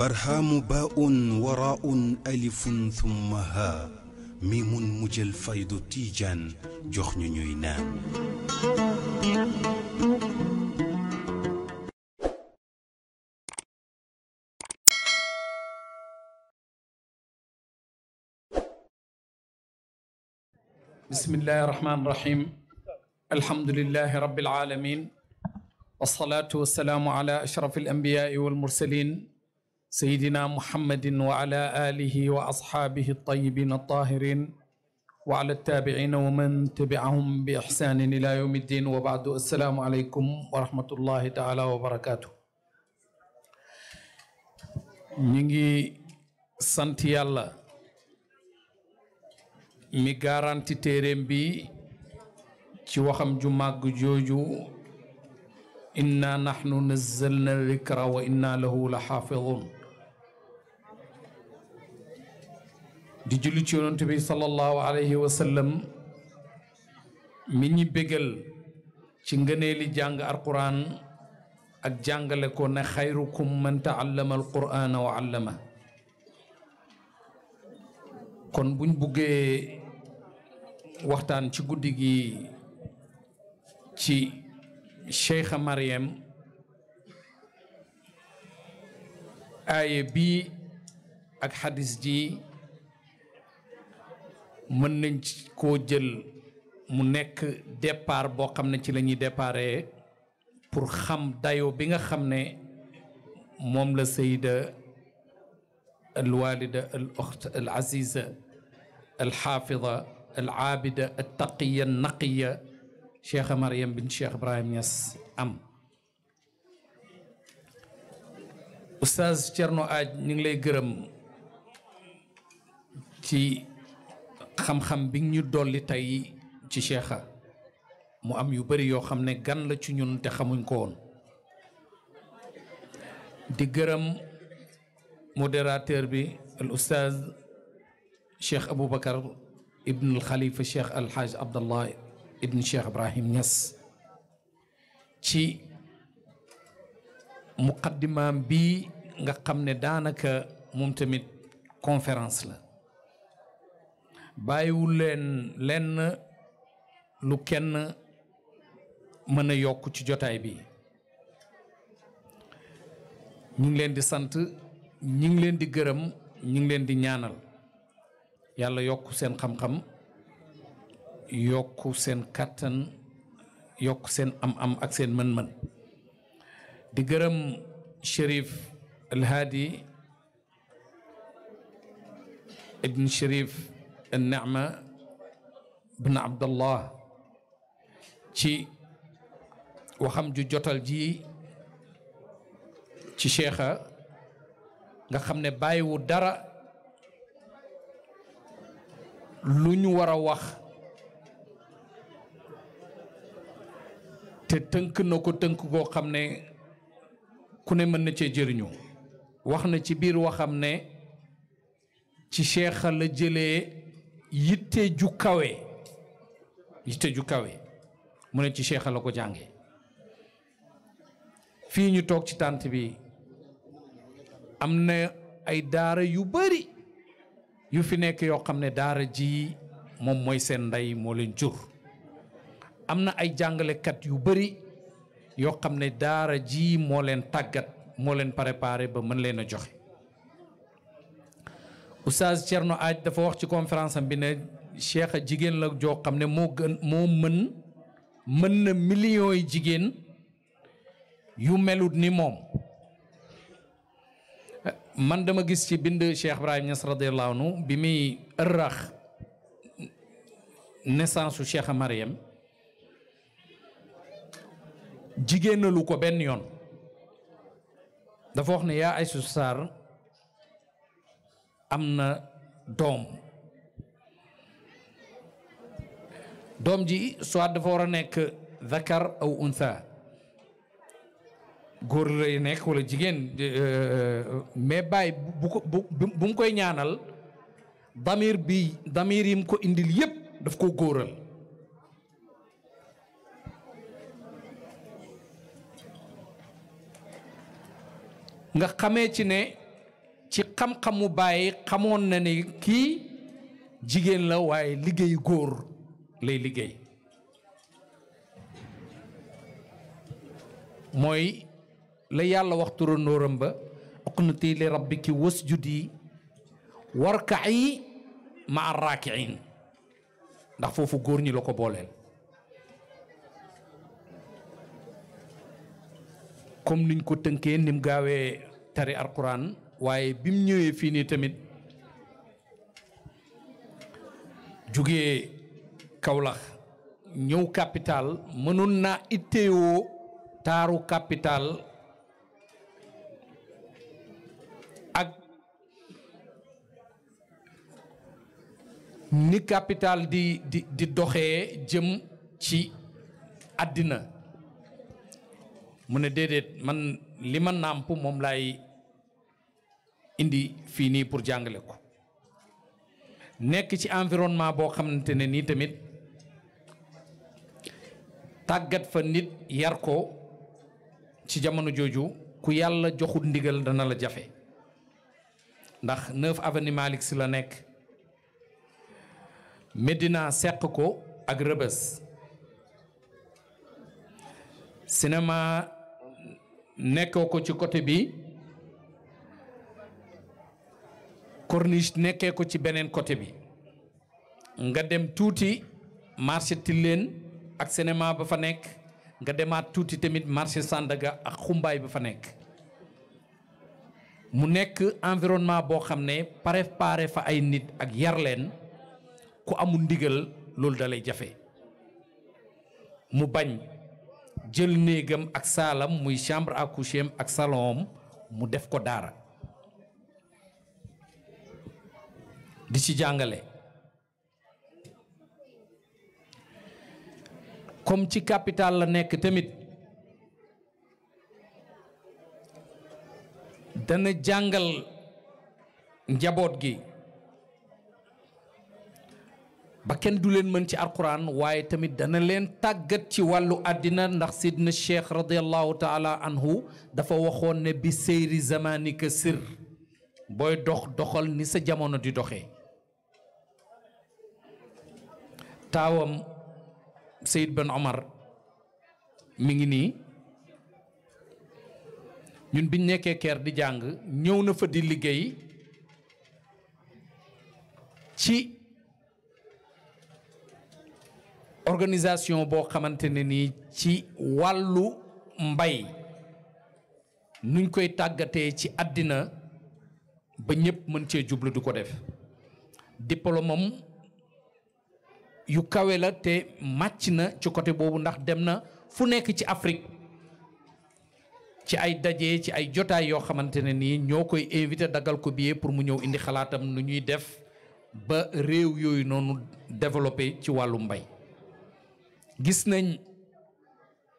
barhaamu baa'un waraa'un alifun thumma haa miimun mu jël faydu tiijaan jox ñu ñuy naan. bismillaahi rahmaani rahiim. alhamdulillaahi rabbil aalamiin. wasalaatu wasalaamu ala ashrafil anbiyaa'i wal mursaliin. sayyidina muhammadin wa ala alihi wa asxaabihi tayyibin tahirin wa ala taabiina wa man tabiahum bi ixsaanin ila yawmi ddin wa baadu assalaamu aleykum wa rahmatullahi taala wa barakaatu. ñu ngi sant yàlla mi garanti téeréem bi ci waxam ju màgg jooju inna naxnu nazzalna dikra wa inna lahu la xaafidun di julli yonent bi sallallahu alayhi wa mi ñi bégal ci ngëneeli jàng alquran ak jàngale ko ne xayrukum man taallama alqurana wa allama kon buñ buggee waxtaan ci guddi gi ci Cheikha Mariam aaye bii ak xadis ji mën nañ koo jël mu nekk départ boo xam ne ci lañuy ñuy pour xam dayo bi nga xam ne moom la sayda al walida al oxt al aziza al xaafida al aabida naqiya cheikha mariam bin cheikh ibrahim Niass am oustaz Thierno Aaj ñu ngi lay gërëm ci xam-xam bi ñu dolli tey ci Cheikha mu am yu bari yoo xam ne gan la ci ñun te xamuñ ko di gërëm modérateur bi al oustaz Cheikh Aboubacar ibn al Khalifa Cheikh Al Hadj Abdallah ibn Cheikh Ibrahim Niass ci muqaddimaam bi nga xam ne daanaka moom tamit conférence la bàyyiwul leen lenn lu kenn mën a yokk ci jotaay bi ñu ngi leen di sant ñu ngi leen di gërëm ñu ngi leen di ñaanal yàlla yokk seen xam-xam yokk seen kàttan yokk seen am-am ak seen mën-mën di gërëm Chérif El Hadi Ibn Naama bin Abdallah ci waxam ju jotal ji ci cheikha nga xam ne bàyyiwu dara lu ñu war a wax te tënk na ko tënk koo xam ne ku ne mën na cee jëriñu wax na ci biir waxam ne ci cheikha la jëlee yitte ju kawe yitte ju kawe mu ne ci cheikh la ko jànge fii ñu toog ci tànt bi am na ay daara yu bari yu fi nekk yoo xam ne daara ji moom mooy seen ndey moo leen jur am na ay jàngalekat yu bari yoo xam ne daara ji moo leen tàggat moo leen préparé ba mën leen a joxe Oustaz Thierno Aaj dafa wax ci conférence bi ne cheikh jigéen la joo xam ne moo gën moo mën mën na millions yi jigéen yu melut ni moom man dama gis ci bind Cheikh Ibrahim Niass radiyallahu bi muy ërrax naissance su Cheikh Mariam jigéenalu ko benn yoon dafa wax ne yaa Aysu Saar am na doom doom ji soit dafa war a nekk zakar aw unsa góor lay nekk wala jigéen euh, mais bàyyi bu mu koy ñaanal damir bi damir yi mu ko indil yépp daf ko góoral nga xamee ci ne ci xam-xamu bàyyi xamoon na ni kii jigéen la waaye liggéeyu góor lay liggéey mooy la yàlla waxtu randóoram ba uqnuti li rabbiki wasjudi warka'i ma raakiin ndax foofu góor ñi la ko booleel comme niñ ko tënkee nim gaawee tari alquran waaye bi mu ñëwee fii nii tamit jóge kawlax ñëw capital mënoon naa itteewoo taaru capital ak ni capital di di di doxee jëm ci àddina mu ne déedéet man li ma nàmp moom lay indi fii nii pour jàngale ko nekk ci environnement boo xamante ne nii tamit tàggat fa nit yar ko ci jamono jooju ku yàlla joxul ndigal dana la jafe ndax neuf avenue la nekk Médina seq ko ak Rebeuss cinéma nekkoo ko ci côté bi corniche nekkee ko ci beneen côté bi nga dem tuuti marché Tilène ak cinéma ba fa nekk nga demaat tuuti tamit marché sàndaga ak xumbaay ba fa nekk mu nekk environnement boo xam ne préparé fa ay nit ak yarleen ku amul ndigal loolu dalay jafe mu bañ jël néegam ak saalam muy chambre à coucher ak salon mu def ko daara di ci jàngale comme ci capital la nekk tamit dana jàngal njaboot gi ba kenn du leen mën ci alquran waaye tamit dana leen tàggat ci wàllu àddina ndax sidna cheikh radiallahu taala anhu dafa waxoon ne bi seyri zamanika sir booy dox doxal ni sa jamono di doxe taawam Seyd Ben Omar mi ngi nii ñun biñ nekkee ker di jàng ñëw na fa di liggéey ci organisation boo xamante ne nii ci wàllu mbay nuñ koy tàggatee ci àddina ba ñépp mën cee jublu di ko def diplôme am yu kawe la te màcc na ci côté boobu ndax dem na fu nekk ci Afrique ci ay daje ci ay jotaay yoo xamante ne nii ñoo koy invité daggal ko bi pour mu ñëw indi xalaatam nu ñuy def ba réew yooyu noonu développé ci wàllu mbay gis nañ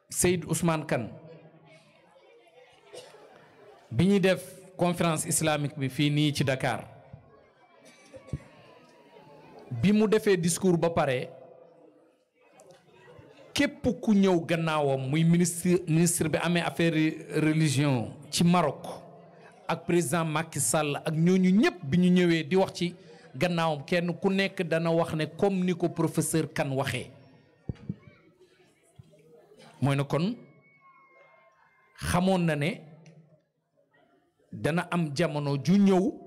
Seyd Ousmane Kane bi ñuy def conférence islamique bi fii nii ci dakaar bi mu defee discours ba pare képp ku ñëw gannaawam muy ministre ministre bi amee affaire religion ci marok ak président Macky sàll ak ñooñu ñëpp bi ñu ñëwee di wax ci gannaawam kenn ku nekk dana wax ne comme ni ko professeur kan waxe mooy ne kon xamoon na ne dana am jamono ju ñëw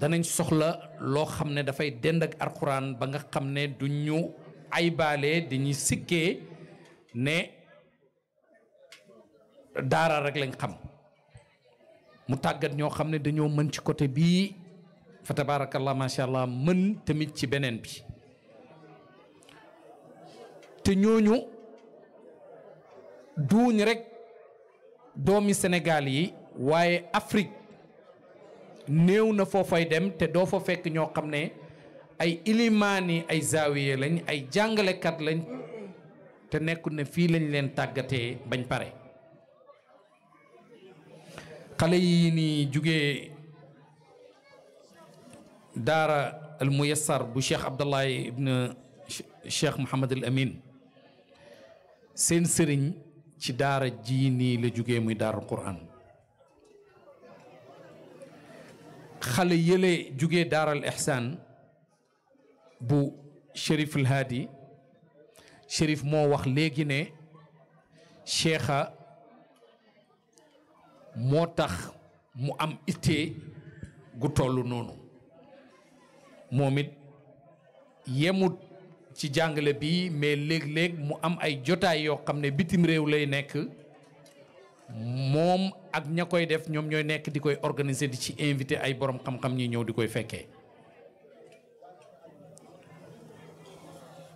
danañ soxla loo xam ne dafay dend ak alxuraan ba nga xam ne du ñu aybaale di ñu sikkee ne daaral rek lañ xam mu tàggat ñoo xam ne dañoo mën ci côté bii fa tabarakallah macha allah mën tamit ci beneen bi te ñooñu duuñ rek doomi senegaal yi waaye Afrique néew na foo fay dem te doo fa fekk ñoo xam ne ay ilimaani ay zaawiye lañ ay jàngalekat lañ te nekkul ne fii lañ leen tàggatee bañ pare xale yi ni jóge daara al muyassar bu cheikh abdallahi ibn cheikh mohamad al amin seen sëriñ ci daara ji nii la jóge muy daaral quran xale yële jugee daaral ihsaan bu Chérif El Hadi moo wax léegi ne Cheikha moo tax mu am ittee gu toll noonu moom it yemut ci jàngale bi mais léeg-léeg mu am ay jotaay yoo xam ne bitim réew lay nekk moom ak ña koy def ñoom ñooy nekk di koy organiser di ci invité ay borom xam-xam ñi ñëw di koy fekkee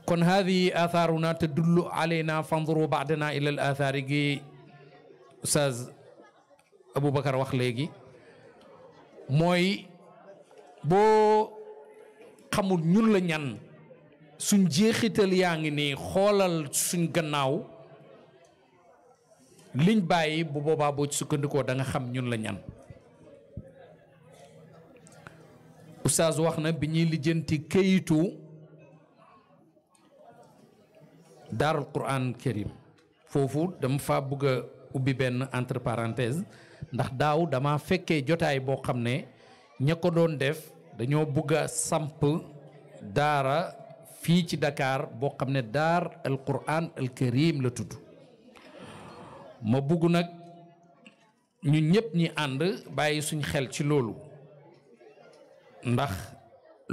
kon haadihi athaaruna tadullu alayna fanduru baadana ila al athaari gi Oustaz Aboubacar wax léegi mooy boo xamul ñun la ñan suñ jeexital yaa ngi nii xoolal suñ gannaaw liñ bàyyi bu boobaa boo ci sukkandikoo danga xam ñun la ñan oustaz wax na bi ñuy lijjanti këyitu daarul quran karim foofu dama fa bëgg a ubbi benn entre parenthèse ndax daaw dama fekkee jotaay boo xam ne ña ko doon def dañoo bëgg a samp daara fii ci dakaar boo xam ne daar al quran al karim la tudd ma bugg nag ñun ñëpp ñi ànd bàyyi suñu xel ci loolu ndax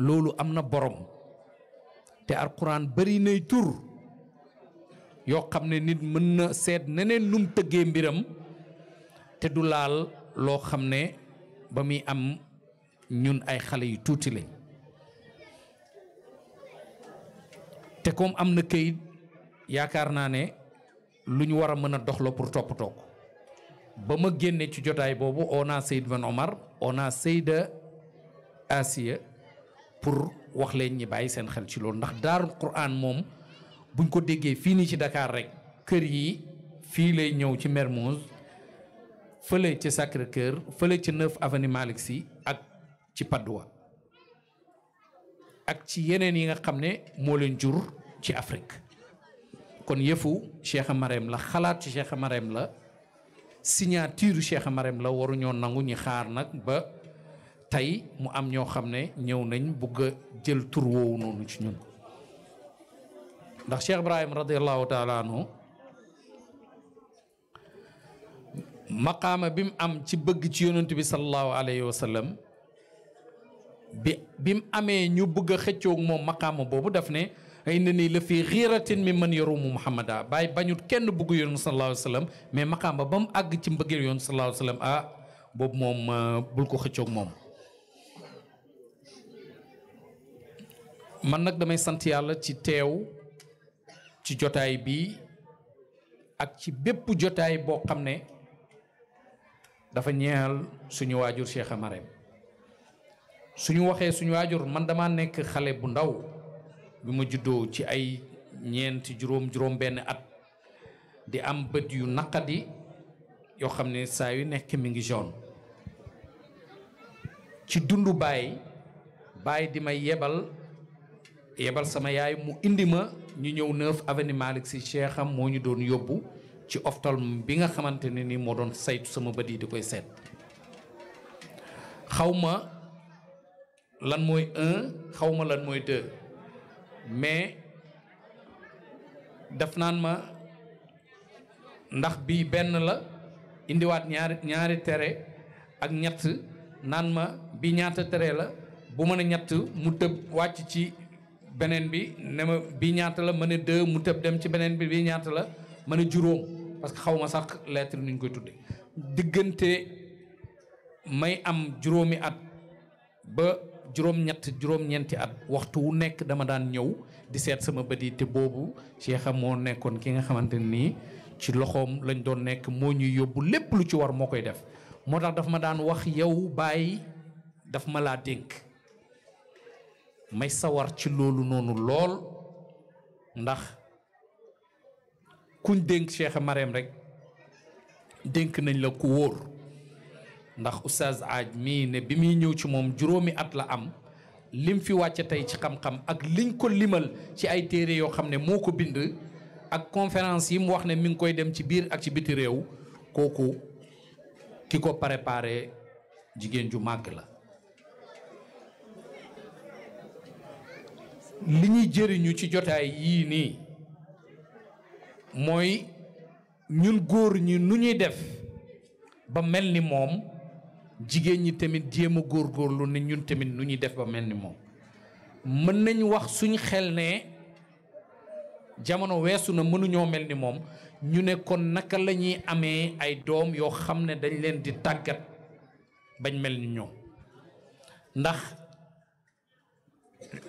loolu am na boroom te alxuraan bari nay tur yoo xam ne nit mën na seet neneen num tëggee mbiram te du laal loo xam ne ba muy am ñun ay xale yu tuuti lañ te comme am na kayit yaakaar naa ne lu ñu war a mën a doxloo pour toppatoo ko ba ma génne ci jotaay boobu on a Seyd Ben Omar on a Seyda Asiya pour wax leen ñi bàyyi seen xel ci loolu ndax daarul Quran moom buñ ko déggee fii nii ci dakaar rek kër yi fii lay ñëw ci Mermoz fële ci sacré fële ci 9 avenue Malick si ak ci paduwa ak ci yeneen yi nga xam ne moo leen jur ci Afrique kon yëfu Cheikh Marème la xalaat ci Cheikh Marème la signature Cheikh Marème la waruñoo nangu ñi xaar nag ba tey mu am ñoo xam ne ñëw nañ bugg a jël tur woowu noonu ci ñun ndax Cheikh Ibrahim radiallahu taala anhu maqaama bi mu am ci bëgg ci yonent bi sallallahu alayhi wa bi bi mu amee ñu bëgg a xëccoog moom maqaama boobu daf ne ay na nii la fii xiiratin mi man yarumu muhammada bàyyi bañul kenn bugg yoon sallallahu alayhi wa mais maqaam ba ba mu àgg ci mbëggeel yoon sallallahu alayhi wa sallam ah, boobu moom ah, bul ko xëccoog moom man nag damay sant yàlla ci teew ci jotaay bi ak ci bépp jotaay boo xam ne dafa ñeexal suñu waajur Cheikh Amareem suñu waxee suñu waajur man dama nekk xale bu ndaw bi ma juddoo ci ay ñeenti juróom juróom benn at di am bët yu naqadi yoo xam ne saa yu nekk mi ngi jaune ci dundu baay baay di may yebal yebal sama yaay mu indi ma ñu ñëw neuf avenue Malick Sy moo ñu doon yóbbu ci oftalm bi nga xamante ne ni moo doon saytu sama bët yi di koy seet xaw ma lan mooy un xaw lan mooy deux mais daf naan ma ndax bii benn la indiwaat ñaari ñaari tere ak ñett naan ma bi ñaata tere la bu ma ne ñett mu tëb wàcc ci beneen bi ne ma bii ñaata la ma ne deux mu tëb dem ci beneen bi bii ñaata la ma ne juróom parce que xaw ma sax lettre nuñ koy tudde diggante may am juróomi at ba juróom-ñett juróom-ñeenti at waxtu wu nekk dama daan ñëw di seet sama bët yi te boobu Cheikh moo nekkoon ki nga xamante nii ci loxoom lañ doon nekk moo ñuy yóbbu lépp lu ci war moo koy def moo tax dafa ma daan wax yow bàyyi daf ma laa dénk may sawar ci loolu noonu lool ndax kuñ dénk Cheikh Marème rekk dénk nañ la ku wóor ndax oustaz aaj mii ne bi muy ñëw ci moom juróomi at la am lim fi wàcce tey ci xam-xam ak liñ ko limal ci ay téere yoo xam ne moo ko bind ak conférence yi mu wax ne mi ngi koy dem ci biir ak ci biti réew kooku ki ko préparé jigéen ju màgg la li ñuy jëriñu ci jotaay yii nii mooy ñun góor ñi nu ñuy def ba mel ni moom jigéen ñi tamit jéem a góorlu ne ñun tamit nu ñuy def ba mel ni moom mën nañu wax suñu xel ne jamono weesu na mënuñoo mel ni moom ñu ne kon naka lañuy amee ay doom yoo xam ne dañ leen di tàggat bañ mel ni ñoom ndax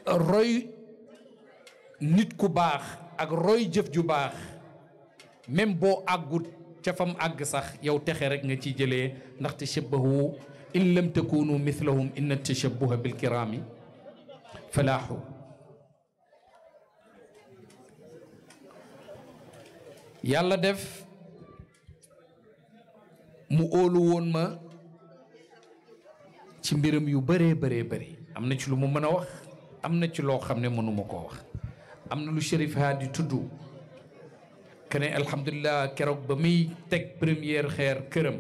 roy nit ku baax ak roy jëf ju baax même boo àggut cafam fam àgg sax yow texe rek nga ciy jëlee ndax tashabbahu in lam takunu mithlahum inna tashabbuha bil kiraami falaahu yàlla def mu óolu woon ma ci mbiram yu bëree bare bëri am na ci lu mu mën a wax am na ci loo xam ne mënuma koo wax am na lu Chérif tudd kene alhamdulilah keroog ba muy teg première xeer këram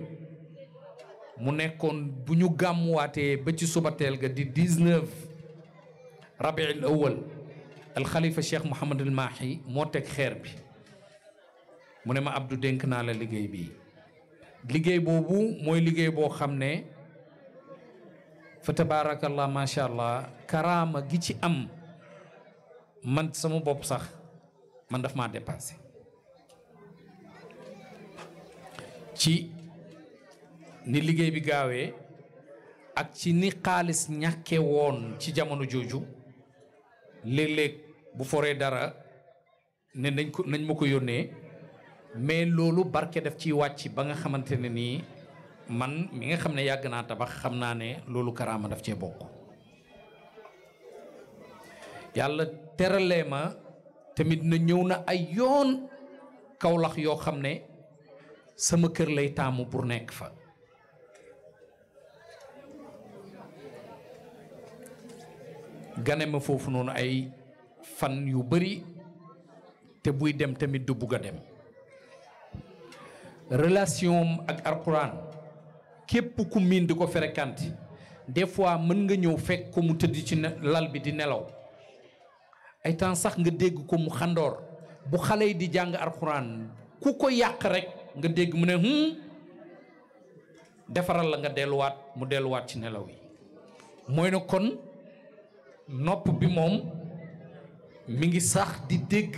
mu nekkoon bu ñu gàmmuwaatee ba ci suba teel ga di 19 rabiul awal alxalifa cheikh Mouhamadul Mahi moo teg xeer bi mu ne ma Abdou dénk naa la liggéey bi liggéey boobu mooy liggéey boo xam ne fa tabaarakallah macha allah karaama gi ci am man sama bopp sax man daf maa dépassé. ci ni liggéey bi gaawee ak ci ni xaalis ñàkke woon ci jamono jooju léeg-léeg bu foree dara ne nañ ko ma ko yónnee mais loolu barke daf ciy wàcc ba nga xamante ne nii man mi nga xam ne yàgg naa tabax xam naa ne loolu karaama daf cee bokk yàlla teralee ma tamit na ñëw na ay yoon kawlax yoo xam ne sama kër lay taamu pour nekk fa gane ma foofu noonu ay fan yu bari te buy dem tamit du bugg a dem relasiyon ak alxuraan képp ku miin di ko fréquente des fois mën nga ñëw fekk ko mu tëdd ci lal bi di nelaw ay temps sax nga dégg ko mu xandoor bu xale yi di jàng alxuraan ku ko yàq rek nga dégg mu ne hum defaral la nga delluwaat mu delluwaat ci nelaw yi mooy ne kon nopp bi moom mi ngi sax di dégg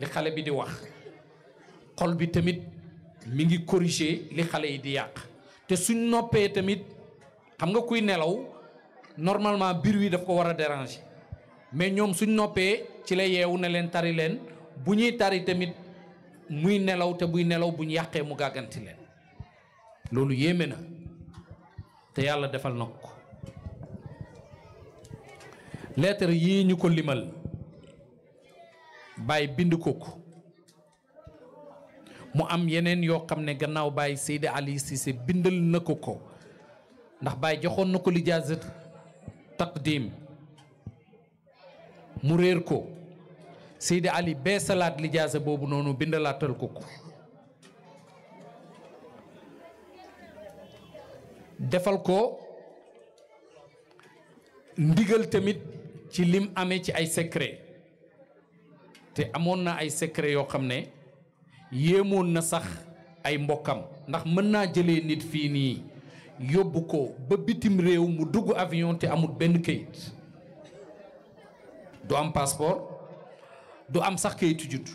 li xale bi di wax xol bi tamit mi ngi corriger li xale yi di yàq te suñ noppee tamit xam nga kuy nelaw normalement biir wi daf ko war a déranger mais ñoom suñ noppee ci la yeewu ne leen tari leen bu ñuy tari tamit muy nelaw te buy nelaw bu ñu yàqee mu gàgganti leen loolu yéeme na te yàlla defal na ko leetar yii ñu ko limal bàyyi bind ko ko mu am yeneen yoo xam ne gannaaw bàyyi Seydi Ali Cissé bindal na ko ko ndax bàyyi joxoon na ko lijaasat taqdim mu réer ko Seydi Ali bee salaat lijaasa boobu noonu bindalaatal ko ko defal ko ndigal tamit ci lim amee ci ay secret te amoon na ay secret yoo xam ne yéemoon na sax ay mbokkam ndax mën naa jële nit fii nii yóbbu ko ba bitim réew mu dugg avion te amul benn kayit du am passeport du am sax kayitu judd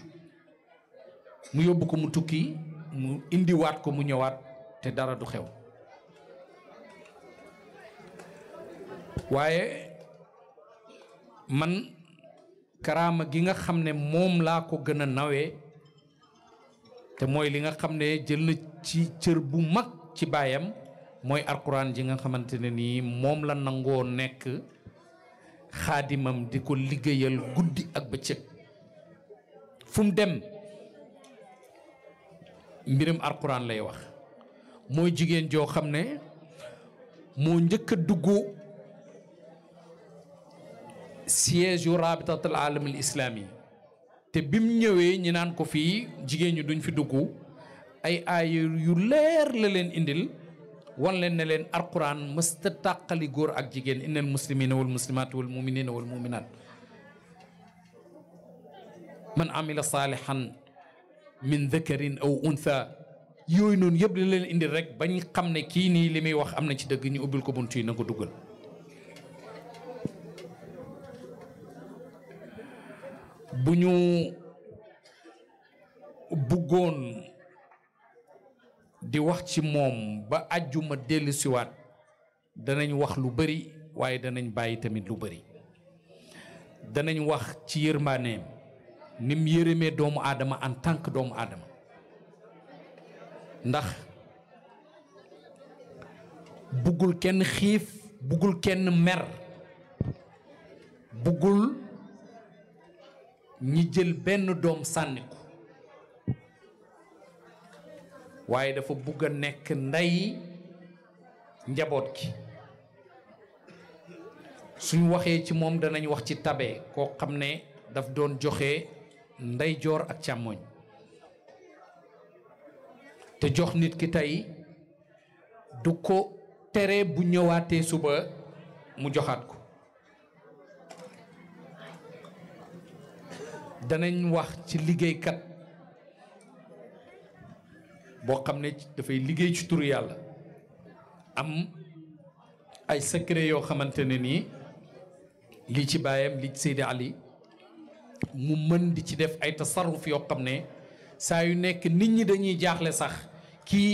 mu yóbbu ko mu tukki mu indiwaat ko mu ñëwaat te dara du xew waaye man karaama gi nga xam ne moom laa ko gën a nawee te mooy li nga xam ne jël na ci cër bu mag ci baayam mooy alxuraan ji nga xamante ne nii moom la nangoo nekk xaadimam di ko liggéeyal guddi ak bëccëg fu mu dem mbiram alquran lay wax mooy jigéen joo xam ne moo njëkk a dugg siège yu rabitatul alam al islami te bim ñëwee ñi naan ko fii jigéen ñi duñ fi dugg ay aay yu leer la leen indil wan leen ne leen alquran mësta tàqali góor ak jigéen innal muslimina wal muslimat wal muminina wal muminat man amila saalihan min dhakarin aw untha yooyu noonu yëpp li leen indil rek ba xam ne kii nii li muy wax am na ci dëgg ñu ubbil ko bunt yi na ko duggal bu ñu buggoon di wax ci moom ba àjjuma dellu siwaat danañ wax lu bari waaye danañ bàyyi tamit lu bari danañu wax ci yërmaaneem ni mu doomu aadama en tant doomu aadama ndax bëggul kenn xiif bëggul kenn mer bëggul ñi jël benn doom sànni waaye dafa bëgg a nekk ndey njaboot gi suñu waxee ci moom danañ wax ci tabe koo xam ne daf doon joxe ndeyjoor ak càmmoñ te jox nit ki tey du ko tere bu ñëwaatee suba mu joxaat ko danañ wax ci liggéeykat boo xam ne dafay liggéey ci turu yàlla am ay secret yoo xamante ne nii lii ci baayam lii ci mu mën di ci def ay tasarruf yoo xam ne saa yu nekk nit ñi dañuy jaaxle sax kii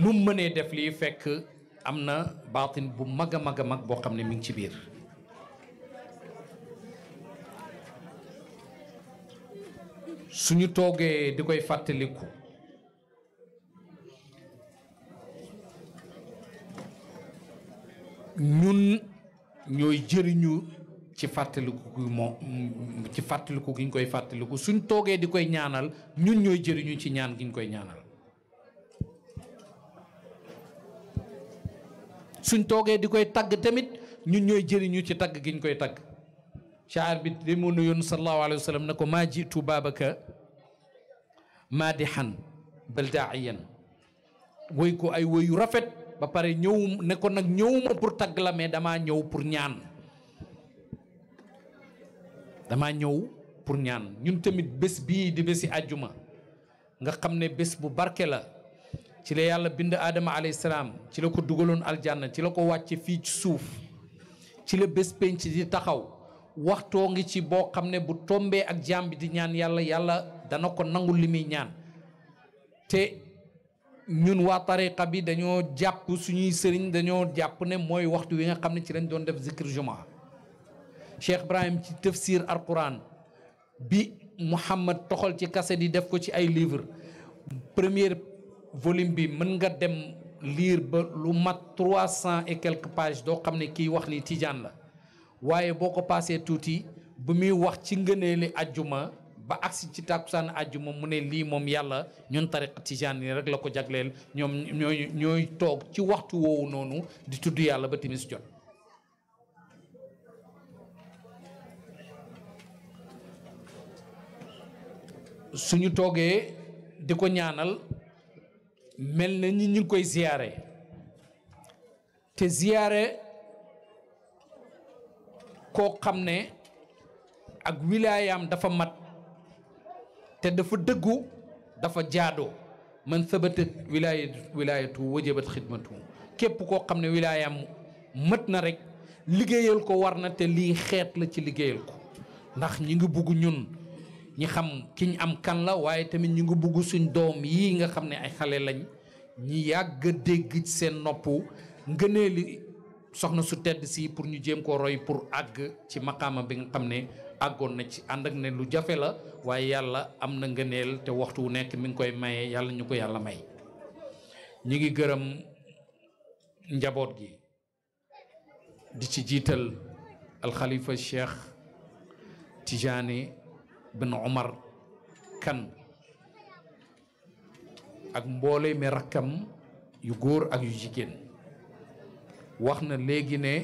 nu mënee def lii fekk am na baatin bu mag a mag a mag boo xam ne mi ngi ci biir su ñu toogee di koy fàttaliku ñun ñooy jëriñu ci fàttaliku gu moo mm, ci fàttaliku gi ñu koy fàttaliku suñ toogee di koy ñaanal ñun ñooy jëriñu ci ñaan gi ñu koy ñaanal suñ toogee di koy tagg tamit ñun ñooy jëriñu ci tagg gi ñu koy tagg shaar bi di mu nuyoon sallallahu alayhi wa sallam ne ko maa jiitu baabaka maadihan bal daa'iyan woy ko ay woyu rafet ba pare ñëw ne ko nag ñëwuma pour tagg la mais damaa ñëw pour ñaan damaa ñëw pour ñaan ñun tamit bés bii di bési àjjuma nga xam ne bés bu barke la ci la yàlla bind aadama alayhi salaam ci la ko dugaloon aljanna ci la ko wàcce fii ci suuf ci la bés penc di taxaw waxtoo ngi ci boo xam ne bu tombee ak jaam bi di ñaan yàlla yàlla dana ko nangul li muy ñaan te ñun waa tariqa bi dañoo jàpp suñuy sëriñ dañoo jàpp ne mooy waxtu wi nga xam ne ci lañu doon def zikr jumaa Cheikh Ibrahim ci tafsir alquran bi Mouhamad toxal ci kase yi def ko ci ay livre première volume bi mën nga dem liir ba lu mat trois cent et quelques pages doo xam ne kii wax ni tijaan la waaye boo ko paasee tuuti bu muy wax ci ngëneeli ajjuma ba agsi ci tàkkusaan ajjuma mu ne lii moom yàlla ñun tariqa tijaan yi rek la ko jagleel ñoom ñooy ñooy toog ci waxtu woowu noonu di tudd yàlla ba timis jot suñu toogee di ko ñaanal mel na ñi ñu koy ziyaare te ziyaare koo xam ne ak wilaayaam dafa mat te dafa dëggu dafa jaadoo man sabatat wilaayatu wilaayatu wajabat xidmatu képp koo xam ne wilaayaam mët na rekk liggéeyal ko war na te lii xeet la ci liggéeyal ko ndax ñi ngi bugg ñun ñi xam ki ñu am kan la waaye tamit ñu ngi bugg suñ doom yi nga xam ne ay xale lañ ñi yàgg dégg seen noppu ngëneeli soxna su tedd si pour ñu jéem koo roy pour àgg ci maqaama bi nga xam ne àggoon na ci ànd ak ne lu jafe la waaye yàlla am na ngëneel te waxtu wu nekk mi ngi koy mayee yàlla ñu ko yàlla may ñu ngi gërëm njaboot gi di ci jiital alxalifa cheikh Tijaani bin Omar kan ak mboole mi rakkam yu góor ak yu jigéen wax na léegi ne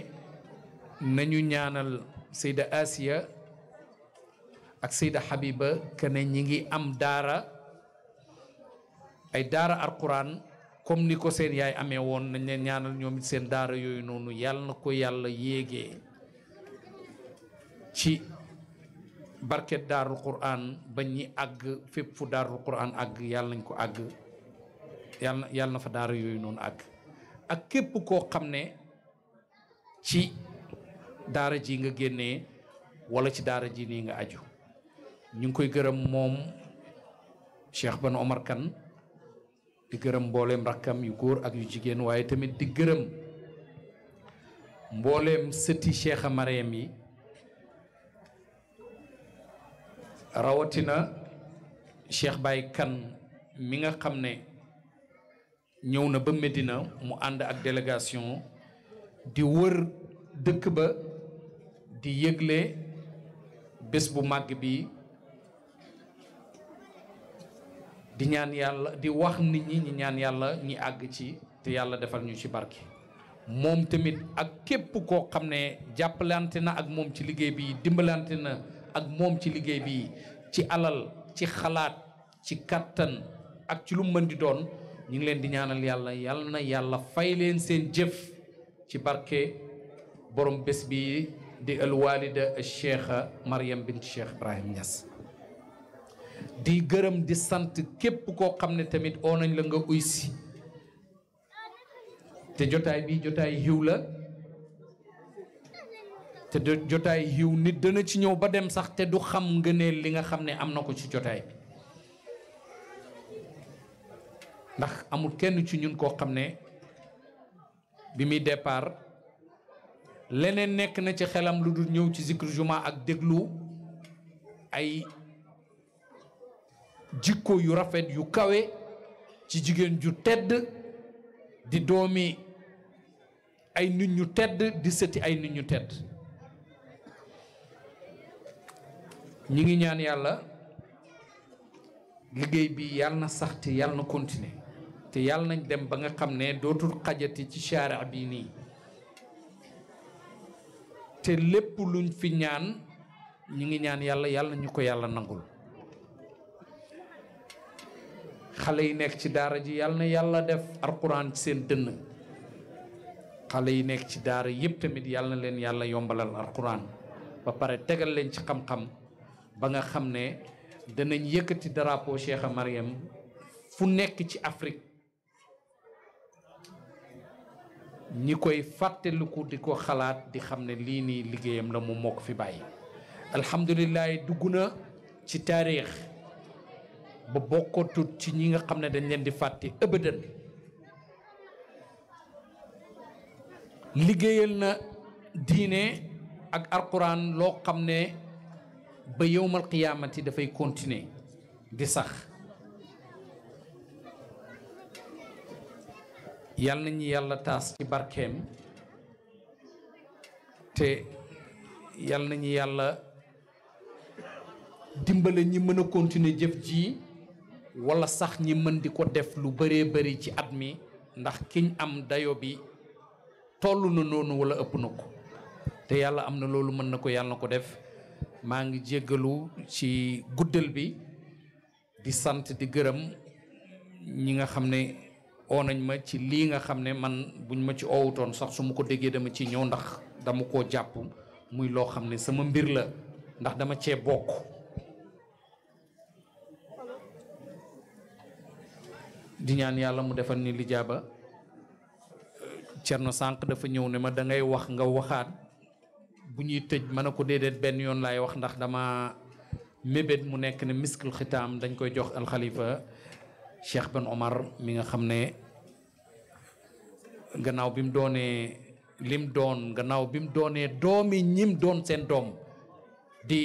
nañu ñaanal Seyda Asiya ak Seyda Habiba kene ñi ngi am daara ay daara alquran comme ni ko seen yaay amee woon nañ leen ñaanal ñoom it seen daara yooyu noonu yàlla na ko yàlla yéegee ci barket daaru quran ba ñi àgg fépp fu daarul quran àgg yàlla nañ ko àgg yàlla yàlla na fa daara yooyu noonu àgg ak képp koo xam ne ci daara ji nga génnee wala ci daara ji nii nga aju ñu ngi koy gërëm moom Cheikh Ban Omar Kane di gërëm mbooleem rakkam yu góor ak yu jigéen waaye tamit di gërëm mbooleem sëti Cheikh Mariam yi rawatina Cheikh Baye kan mi nga xam ne ñëw na ba Medina mu ànd ak délégation di wër dëkk ba di yëgle bés bu màgg bi di ñaan yàlla di wax nit ñi ñaan yàlla ñi àgg ci te yàlla defal ñu ci barki moom tamit ak képp koo xam ne jàppalante na ak moom ci liggéey bi dimbalante na ak moom ci liggéey bi ci alal ci xalaat ci kàttan ak ci lu mën di doon ñu ngi leen di ñaanal yàlla yàlla na yàlla fay leen seen jëf ci barke borom bés bi di alwalida cheikh Mariam bint cheikh Ibrahim Niass di gërëm di sant képp koo xam ne tamit oo nañ la nga uy si te jotaay bi jotaay yiw la te de jotaay yiw nit dana ci ñëw ba dem sax te du xam nga ngëneel li nga xam ne am na ko ci jotaay bi ndax amul kenn ci ñun koo xam ne bi muy départ leneen nekk na ci xelam lu dul ñëw ci zikr juma ak déglu ay jikko yu rafet yu kawe ci jigéen ju tedd di doomi ay nit ñu tedd di sëti ay nit ñu tedd ñi ngi ñaan yàlla liggéey bi yàlla na sax te yàlla na continuer te yàlla nañ dem ba nga xam ne dootul xajati ci sharia bi nii te lépp luñ fi ñaan ñi ngi ñaan yàlla yàlla ñu ko yàlla nangul xale yi nekk ci daara ji yàlla na yàlla def alquran seen dënn xale yi nekk ci daara yépp tamit yàlla na leen yàlla yombalal alquran ba pare tegal leen ci xam-xam ba nga xam ne danañ yëkkati drapeau Cheikha Mariam fu nekk ci Afrique ñi koy fàttaliku di ko xalaat di xam ne lii nii liggéeyam la mu moo ko fi bàyyi alhamdulilah dugg na ci taarix ba bokkatut ci ñi nga xam ne dañ leen di fàtte ëbëdan liggéeyal na diine ak alquran loo xam ne ba yowmal qiyaamati dafay continuer di sax yal nañu yàlla taas ci barkeem te yal nañu yàlla dimbale ñi mën a continuer jëf ji wala sax ñi mën di ko def lu bëree bëri ci at mi ndax kiñ am dayo bi toll na noonu wala ëpp na ko te yàlla am na loolu mën na ko yàlla na ko def maa ngi jéggalu ci guddal bi di sant di gërëm ñi nga xam ne oo nañ ma ci lii nga xam ne man buñ ma ci oowutoon sax su ma ko déggee dama ci ñëw ndax dama koo jàpp muy loo xam ne sama mbir la ndax dama cee bokk di ñaan yàlla mu defal ni lijaaba na sànq dafa ñëw ne ma da wax nga waxaat bu ñuy tëj mën a ko déedéet benn yoon laay wax ndax dama mébét mu nekk ne miskul xitaam dañ koy jox alxalifa Cheikh Ben Omar mi nga xam ne gannaaw bi mu doonee lim doon gannaaw bi mu doonee doomi ñim doon seen doom di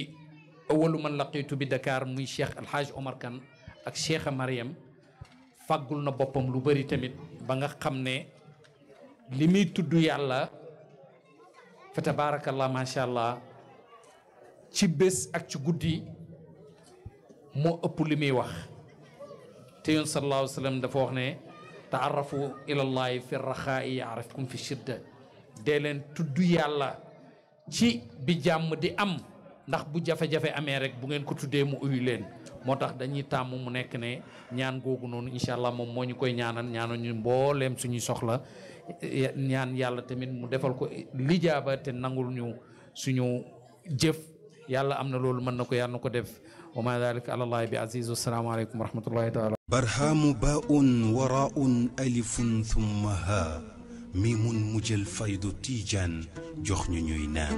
awalu man laqiitu bi dakaar muy Cheikh Alhaaj Omar Kan ak Cheikha Mariam fàggul na boppam lu bari tamit ba nga xam ne li muy tudd yàlla fa tabaarakallah allah ci bés ak ci guddi moo ëpp li muy wax te yoon sallallahu alayhi dafa wax ne taarrafu ilallahi fi raxaa'i yaarifkum fi shidda dee leen tudd yàlla ci bi jàmm di am ndax bu jafe-jafe amee rek bu ngeen ko tuddee mu uyu leen moo tax dañuy tàmm mu nekk ne ñaan googu noonu incha allah moom moo ñu koy ñaanal ñaanal ñu mbooleem suñuy soxla ñaan yàlla tamit mu defal ko lijaaba te nangul ñu suñu jëf yàlla am na loolu mën na ko yàlla na ko def wa ma dalika ala allahi bi aziz wassalaamu aleykum wa rahmatullahi taala barhaamu baun waraun alifun thumma ha mimun mujjal faydu tiijaan jox ñu ñuy naan